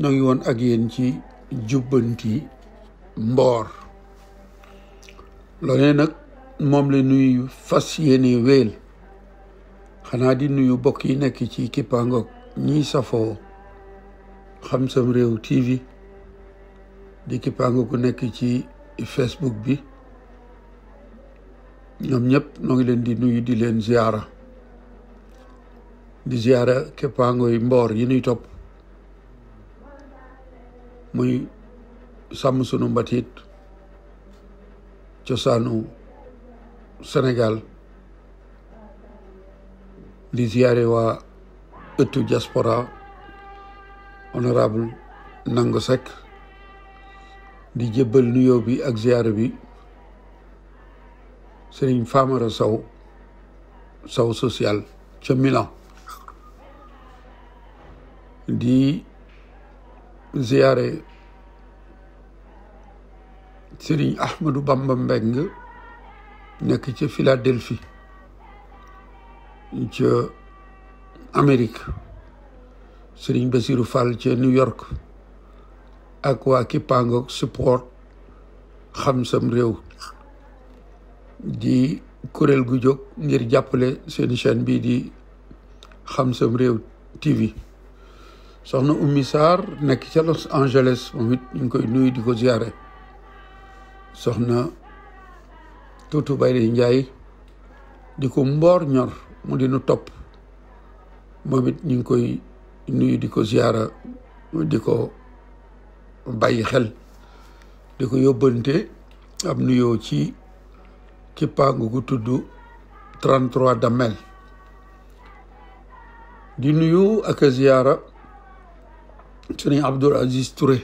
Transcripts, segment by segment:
noo ngi woon ak yéen ci jubbanti mboor loolee nag moom la nuy fas yéene wéel xanaa di nuyu bokk yi nekk ci kippaangoog ñii safoo xam sam réew tv di kippaangoog ku nekk ci facebook bi ñoom ñëpp noo ngi leen di nuyu di leen ziara di ziara kippaango yi mboor yi nuy topp muy sàmm sunu mbatit cosaanu Sénégal di ziyaare waa ëttu diaspora honorable Nango Seck di jébbal nuyo bi ak ziyaare bi Serigne Famara Sow saw social ca Milan di ziyaare Serigne Ahmadou Bamba Mbeng nekk ca Philadelphie ca Amérique Serigne Bassirou Fall ca New York ak waa Kipango support xam sam réew di kuréel gu jóg ngir jàppale seen chaîne bii di xam sam réew TV soxna ummi Sarr nekk ca Los Angeles moom it ñu ngi koy nuyu di ko ziyaare soxna tuutu Bayre Njaay di ko mboor ñor mu di nu topp moom it ñu ngi koy nuyu di ko ziyaara di ko bàyyi xel di ko yóbbante ab nuyoo ci ci pàngu gu tudd 33 Damel di nuyu ak a ziyaara sëriñ Abdoul Aziz Touré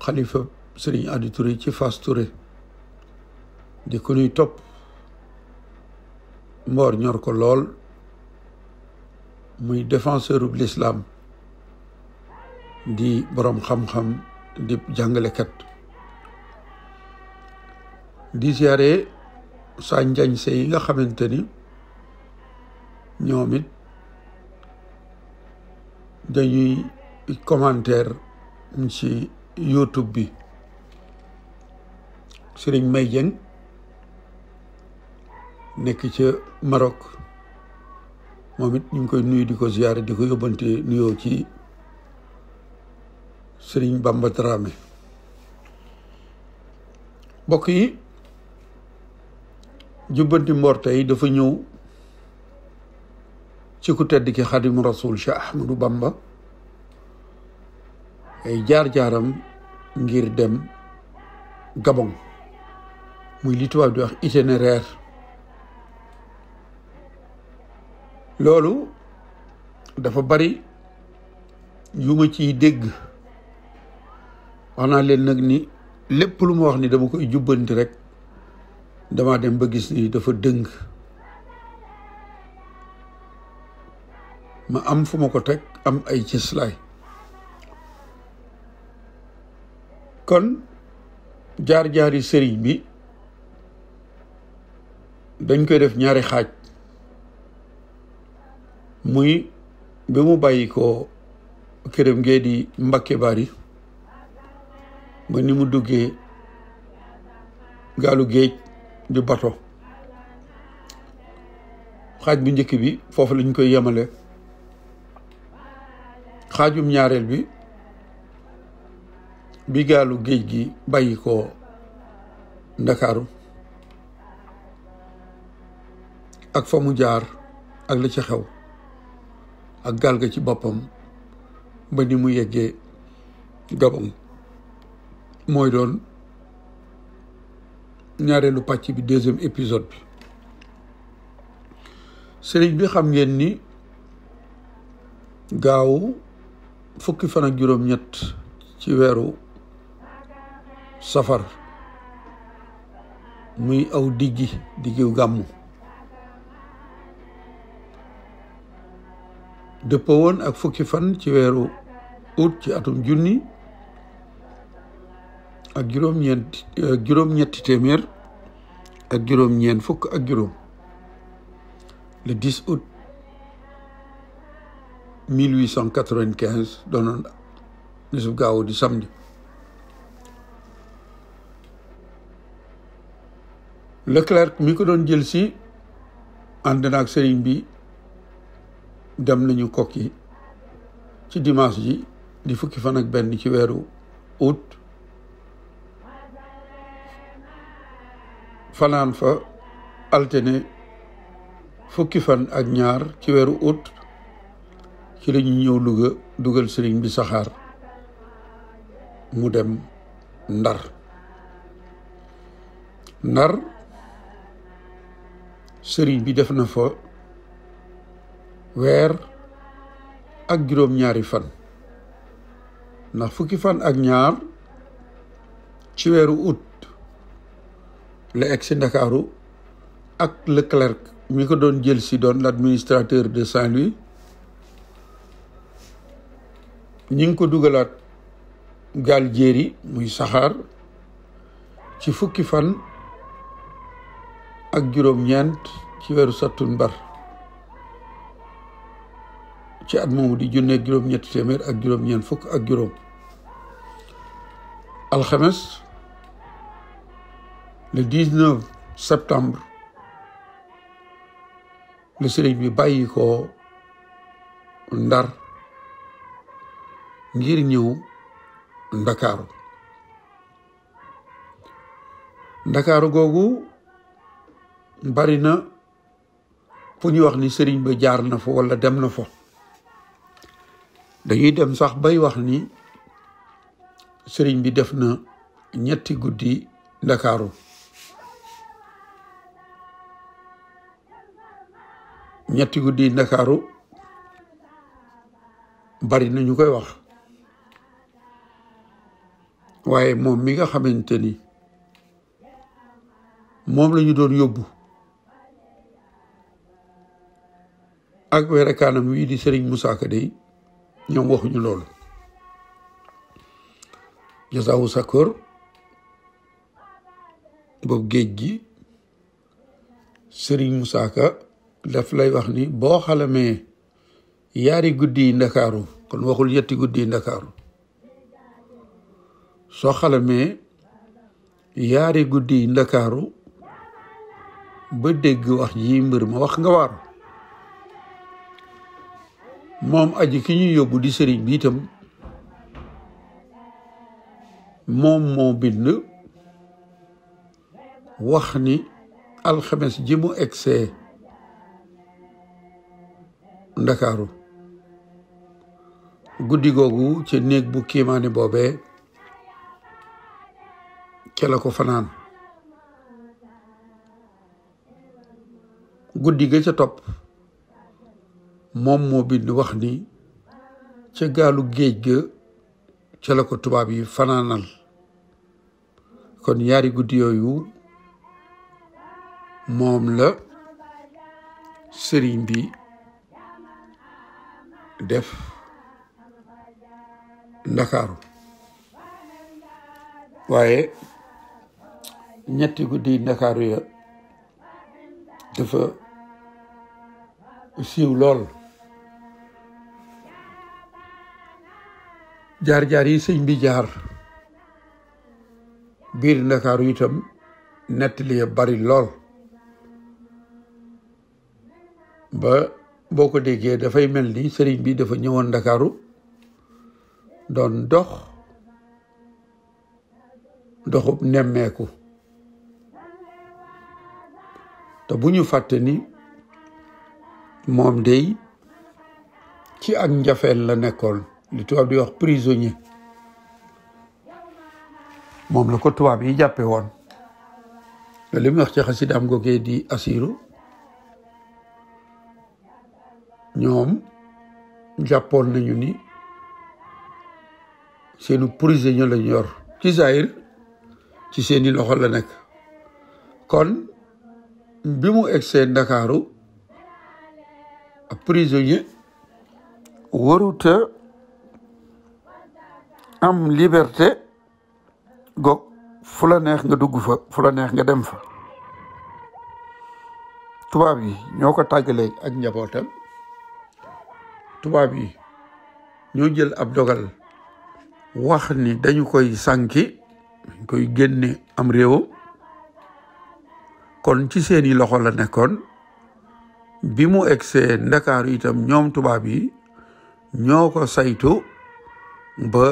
xalifa sëriñ Adi Touré ci fas Touré di ku ñuy topp mboor ñor ko lool muy défenseuru l'islam di boroom xam-xam di jàngale di siyaare saa njañ se yi nga xamante ni ñoom it dañuy commentaire ci YouTube bi Serigne May Dieng nekk ci marok moom it ñu ngi koy nuyu di ko ziyaare di ko yóbbante nuyoo ci Serigne Bamba Dramé mbokk yi jubbanti mboor yi dafa ñëw ci ku tedd ki xadimu rasul Cheikh Ahmadou Bamba ay jaar-jaaram ngir dem Gabon muy li tubaab di wax itinéraire loolu dafa bari yu ma ciy dégg wax naa leen nag ni lépp lu ma wax ni dama koy jubbanti rek dama dem ba gis ni dafa dëng ma am fuma ko teg am ay cislay kon jaar jaari sëriñ bi dañ koy def ñaari xaaj muy bi mu bàyyi ko këréb ngee di mbakke bari ba ni mu duggee gaalu géej di bato xaaj bu njëkk bi foofu lañ koy yemale xaajum ñaareel bi bi gaalu géej gi bàyyi ko ndakaaru ak famu jaar ak la ci xew ak gaal ga ci boppam ba ni mu yeggee Gabon mooy doon ñaareelu pàcc bi deuxième épisode bi sëriñ bi xam ngeen ni gaawu fukki fan ak juróom ñett ci weeru safar muy aw diggi diggiw gàmmu dëppoo woon ak fukki fan ci weeru ut ci atum junni ak juróom-ñeent euh, juróom-ñetti téeméer ak juróom-ñeent fukk ak juróom le 10 août 1895 doonoon nisub di samedi Leclerc mi ko doon jël si bi dem nañu kokki ci dimanche ji di fukki fan ak ci août fanaan fa altine fukki fan ak ñaar ci août ci la ñu ñëw Louga dugal sëriñ bi saxaar mu dem Ndar Ndar sëriñ bi def na fa weer ak juróom-ñaari fan ndax fukki fan ak ñaar ci weeru ut la egg ci Ndakaaru ak Leclerc mi ko doon jël si doon l'administrateur de saint ñi ngi ko dugalaat gaal jéeri muy saxaar ci fukki fan ak juróom-ñeent ci weeru sattunbar ci at moomu di junne juróom-ñetti téeméer ak juróom-ñeent fukk ak juróom alxames le 19 septembre le sëriñ bi bàyyi ko ndar ngir ñëw ndakaaru ndakaaru googu bari na fu ñu wax ni sëriñ ba jaar na fa walla dem na fa dañuy dem sax bay wax ni sëriñ bi def na ñetti guddi ndakaaru ñetti guddi ndakaaru bari na ñu koy wax waaye moom mi nga xamante ni moom lañu doon yóbbu ak werekaanam wii di sëriñ Moussa Ka dey ñoom waxuñu loolu jasaawu sakkoor boobu géej gi sëriñ Moussa Ka daf lay wax ni boo xalamee yaari guddi yi ndakaaru kon waxul yetti guddi yi ndakaaru soo xalamee yaari guddi yi ndakaaru ba dégg wax ji mbir ma wax nga waaru moom aji ki ñuy yóbbu di sëriñ bi itam moom moo bind wax ni alxemes ji mu egsee ndakaaru guddi googu ci néeg bu kiimaane boobee ca la ko fanaan guddi ga ca topp moom moo bind wax ni ca gaalu géej ga ca la ko tubaab yi fanaanal kon ñaari guddi yooyu moom la sëriñ bi def ndakaaru waaye ñetti guddi ndakaaru ya dafa siiw lool jaar-jaar yi sëñ bi jaar biir ndakaaru itam nettali ya bari lool ba boo ko déggee dafay mel ni sëriñ bi dafa ñëwoon ndakaaru doon dox doxub nemmeeku te bu ñu fàtte ni moom day ci ak njafeel la nekkoon li tubaab di wax prisonnier moom la ko tubaab yi jàppe woon li mu wax ci xasidaam googee di asiru ñoom jàppoon nañu ni seenu prisonnier lañ yor ci zahir ci seeni loxo la nekk kon bi mu egsee Ndakaaru prisonnier waruta am liberté goog fu la neex nga dugg fa fu neex nga dem fa tubaab yi ñoo ko tàggalee ak njabootam tubaab yi ñoo jël ab dogal wax ni dañu koy sanki koy génne am réewam kon ci seeni loxo la nekkoon bi mu egsee ndakaaru itam ñoom tubaab yi ñoo ko saytu ba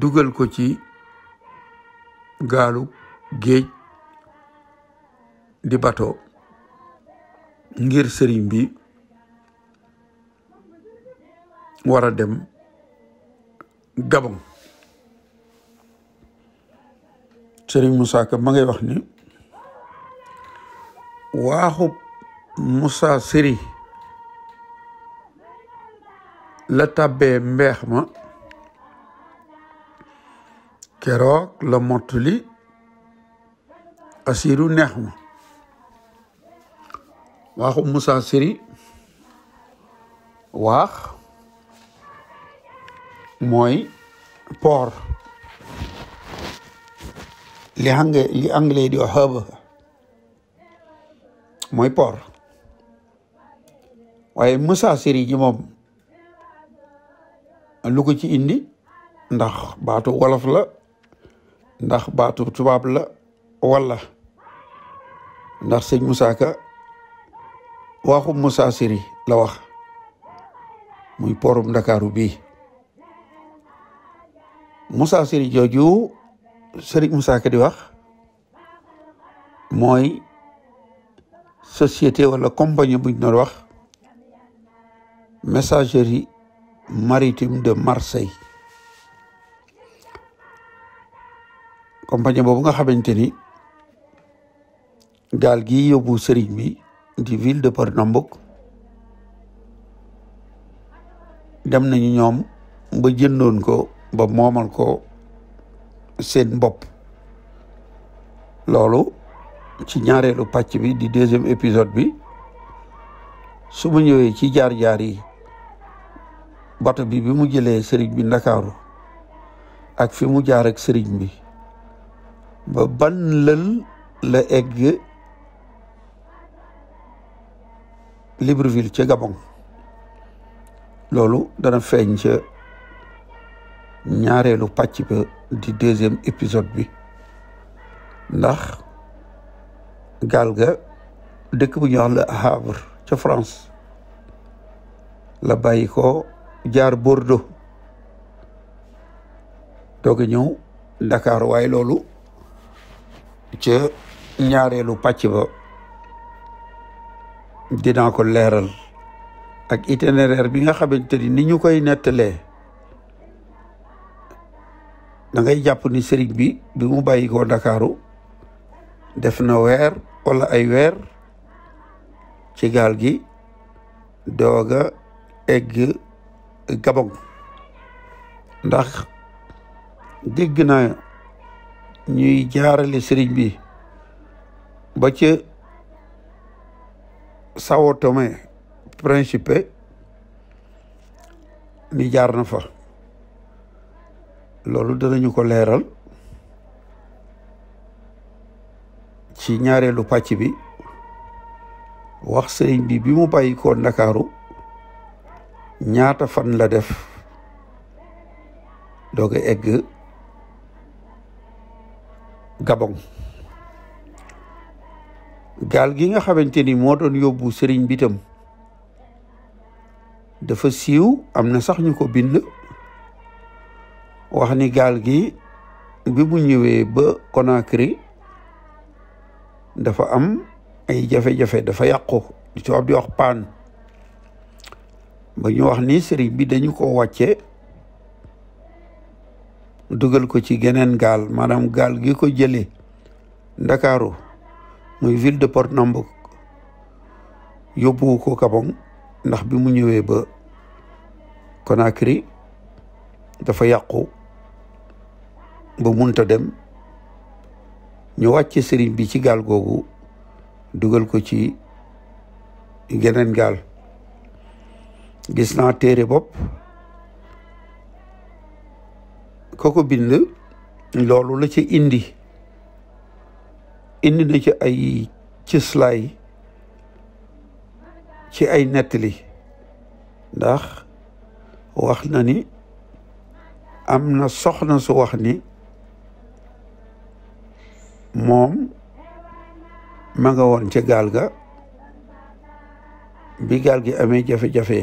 dugal ko ci gaalu géej di bato ngir sëriñ bi war a dem Gabon sëriñ mu Ka ma ngay wax ni واهب موسى سري لتابي مبيخما كروك لمرتلي أسيرو نحما واخ موسى سري واخ موي بور لي هانغ لي انغلي دي هابو mooy por waaye musa yi moom lu ko ci indi ndax baatu wolof la ndax baatu tubaab la wala ndax sëñ Moussa Ka waxu musaasir yi la wax muy porum ndakaaru bii musaasir yi jooju sëriñ Moussa Ka di wax mooy société wala compagnie buñ doon wax messagerie maritime de Marseille compagnie boobu nga xamante ni gaal gi yóbbu sëriñ bi di ville de Pornambouc dem nañu ñoom ba jëndoon ko ba moomal ko seen bopp loolu ci ñaareelu pàcc bi di deuxième épisode bi su ma ñëwee ci jaar-jaar yi bato bi bi mu jëlee sëriñ bi ndakaaru ak fi mu jaar ak sëriñ bi ba ban lël la egg Libreville ca Gabon loolu dana feeñ ca ñaareelu pàcc bi di deuxième épisode bi ndax gaal ga dëkk bu ñuy wax Le Havre ca France la bàyyi ko jaar Bordeaux doog a ñëw Dakar waaye loolu ca ñaareelu pàcc ba dinaa ko leeral ak itinéraire bi nga xamante ni ni ñu koy nettalee dangay jàpp ni sëriñ bi bi mu bàyyi ko Ndakaaru def na weer wala ay weer ci gaal gi dooga egg Gabon ndax dégg naa ñuy jaarale sëriñ bi ba ca Sao Tomé Principe ni jaar na fa loolu danañu ko leeral ci ñaareelu pàcc bi wax sëriñ bi bi mu bàyyi ko ndakaaru ñaata fan la def doog a egg Gabon gaal gi nga xamante ni moo doon yóbbu sëriñ bitam tam dafa siiw am na sax ñu ko bind wax ni gaal gi bi mu ñëwee ba Conakry dafa am ay jafe-jafe dafa yàqu di tubaab di wax paan ba ñu wax ni sëriñ bi dañu ko wàcce dugal ko ci geneen gaal maanaam gaal gi ko jëlee ndakaaru muy ville de Port Nambour yóbbu ko Gabon ndax bi mu ñëwee ba Conakry dafa yàqu ba munta dem ñu wàcc sëriñ bi ci gaal googu dugal ko ci geneen gaal gis naa téere bopp koko ko bind loolu la ci indi indi na ci ay cëslaay ci ay nettali ndax wax na ni am na soxna su wax ni moom ma nga woon ca gaal ga bi gaal gi amee jafe-jafe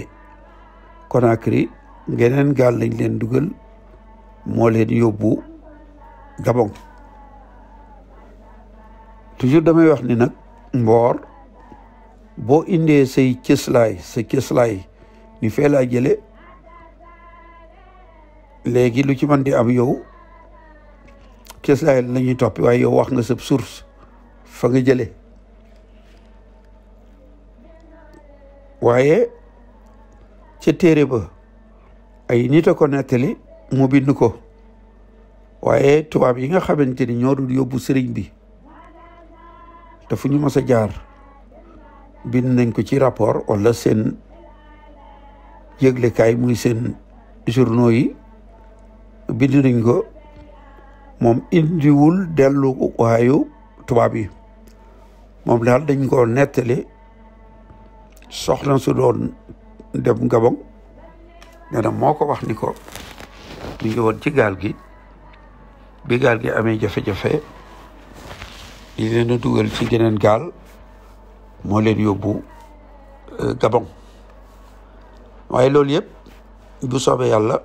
Conakry geneen gaal lañ leen dugal moo leen yóbbu Gabon toujours damay wax ni nag mboor boo indee say cëslaay sa cëslaay ni fee jële léegi lu ci mën di am yow cëslaay la ñuy toppi waaye wax nga sab source fa nga jëlee waaye ca téere ba ay nit a ko nettali mu bind ko waaye tubaab yi nga xamante ni ñoo yóbbu sëriñ bi te fu ñu mës a jaar bind nañ ko ci rapport wala seen yëglekaay muy seen journaux yi bind nañ ko moom indiwul dellu waayu tubaab yi moom daal dañ koo nettali soxna sudoon dem Gabon nee na moo ko wax ni ko mi ngi woon ci gaal gi bi gaal gi amee jafe-jafe li leen a dugal ci geneen gaal moo leen yóbbu euh, Gabon waaye loolu yépp bu soobe yàlla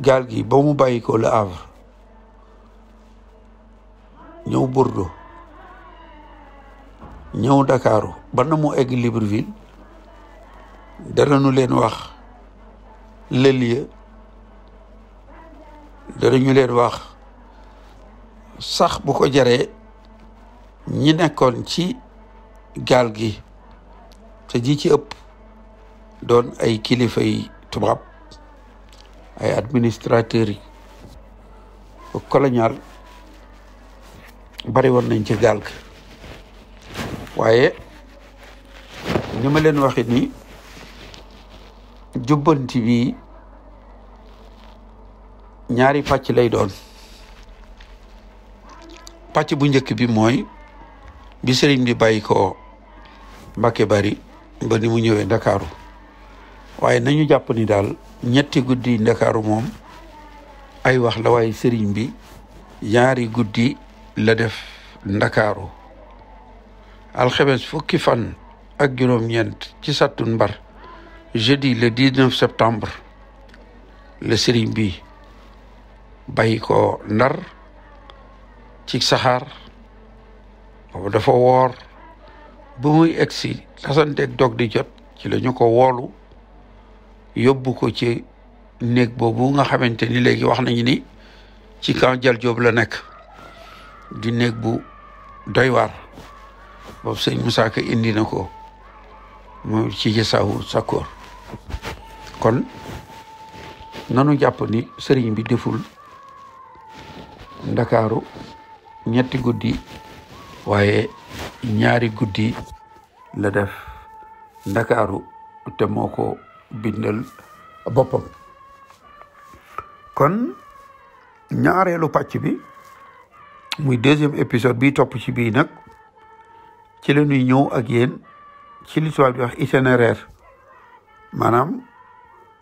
gaal gi ba mu bàyyi ko Le ñëw Bordeaux ñëw Ndakaaru ba na mu egg Libreville danañu leen wax le lieu danañu leen wax sax bu ko jaree ñi nekkoon ci gaal gi te ji ci ëpp doon ay kilifa yi tubaab ay administrateur yi colonial bari woon nañ ci gaal waaye ni ma leen waxit ni jubbanti bi ñaari pàcc lay doon pàcc bu njëkk bi mooy bi sëriñ bi bàyyi ko Mbàkke Bari ba ni mu ñëwee Ndakaaru waaye nañu jàpp ni daal ñetti guddi Ndakaaru moom ay wax la waaye sëriñ bi ñaari guddi la def ndakaaru alxemes fukki fan ak juróom-ñeent ci sattun mbar jeudi le 19 septembre le sëriñ bi bàyyi ko ndar ci saxaar boobu dafa woor ba muy egsi tasanteeg dog di jot ci la ñu ko woolu yóbbu ko ci néeg boobu nga xamante ni léegi wax nañu ni ci kan jal joob la nekk di néeg bu doy waar boobu sëñ Moussa Ka indi na ko mu ci gisaawu Sakkoor kon nanu jàpp ni sëriñ bi deful ndakaaru ñetti guddi waaye ñaari guddi la def ndakaaru te moo ko bindal boppam kon ñaareelu pàcc bi muy deuxième épisode bi topp ci bii nag ci la ñuy ñëw ak yéen ci li tubaab di wax itinéraire maanaam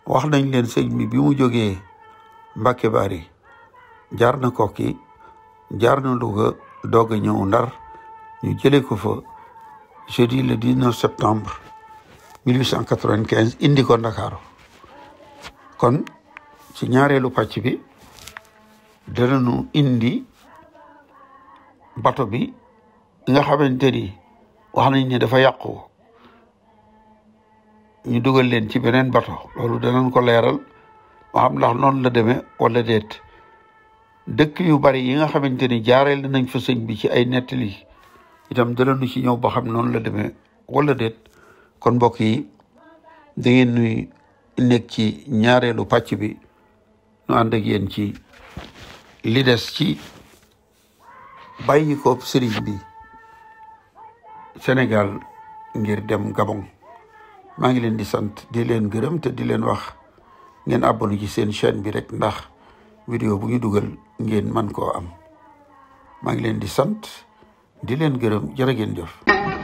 wax nañ leen sëñ bi bi mu jógee Mbàkke Bari jaar na Kokki jaar na Louga doog a ñëw Ndar ñu jëlee ko fa jeudi le 19 septembre 1895 indi ko Ndakaaru kon ci ñaareelu pàcc bi danañu indi bato bi nga xamante ni wax nañ ne dafa yàqu ñu dugal leen ci beneen bato loolu danañ ko leeral ma xam ndax noonu la demee walla déet dëkk yu bari yi nga xamante ni jaareel nañ fa sëñ bi ci ay nettali itam danañu ci ñëw ba xam noonu la demee wala déet kon mbokk yi da ngeen nuy nekk ci ñaareelu pàcc bi nu ànd ak yéen ci li ci bàyyi ko sëriñ bi Sénégal ngir dem Gabon maa ngi leen di sant di leen gërëm te di leen wax ngeen abonné gi seen chaîne bi rek ndax vidéo bu ñu dugal ngeen man koo am maa ngi leen di sant di leen gërëm jërë ngeen jëf